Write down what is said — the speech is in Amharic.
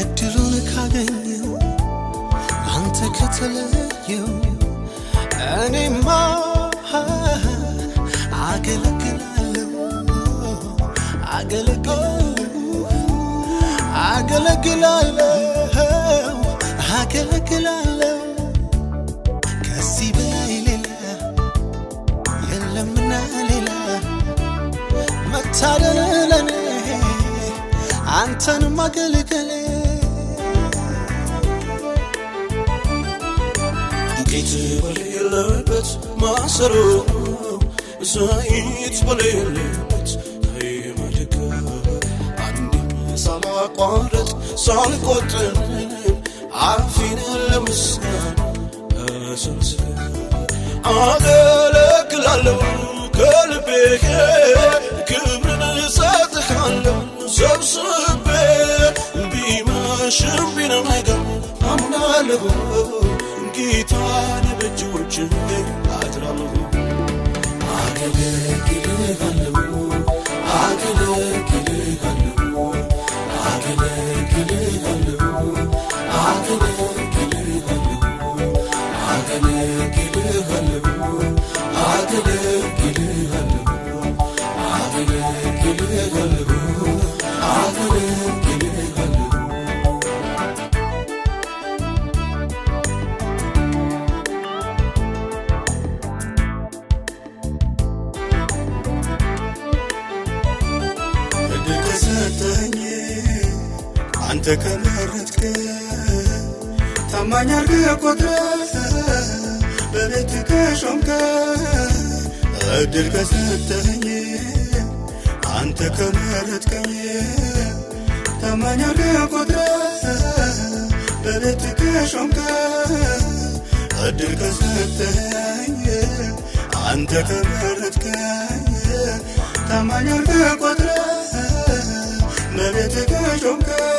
እድሉን ካገኘው አንተ ከተለየው እኔማ አገለግላለሁ አገለግላለሁ አገለግላለሁ አገለግላለሁ ከዚህ በላይ ሌላ የለምና ሌላ መታደል ለኔ አንተን ማገልገሌ ጌት በሌለበት ማሰሮ ዘይት በሌለበት ታይመልከ አንድም ሳላቋረጥ ሳልቆጥን አፌን ለምስጋና ሰብስበ አገለግላለሁ ከልቤ ክብርን እሰጥሃለሁ ሰብስቤ ቢመሽም ቢነጋ አምናለሁ ጌታ ችግሮችን አጥራለሁ አገለግልሃለሁ አገለግልሃለሁ አገለግልሃለሁ ከሰጠኝ አንተ ከመረጥክ ታማኝ አርገ ቆጥረ በቤት ከሾምከ እድል ከሰጠኝ አንተ ከመረጥከኝ ታማኝ አርገ ቆጥረ በቤት ከሾምከ እድል ከሰጠኝ አንተ ከመረጥከኝ ታማኝ አርገ ቆጥረ don't cœur.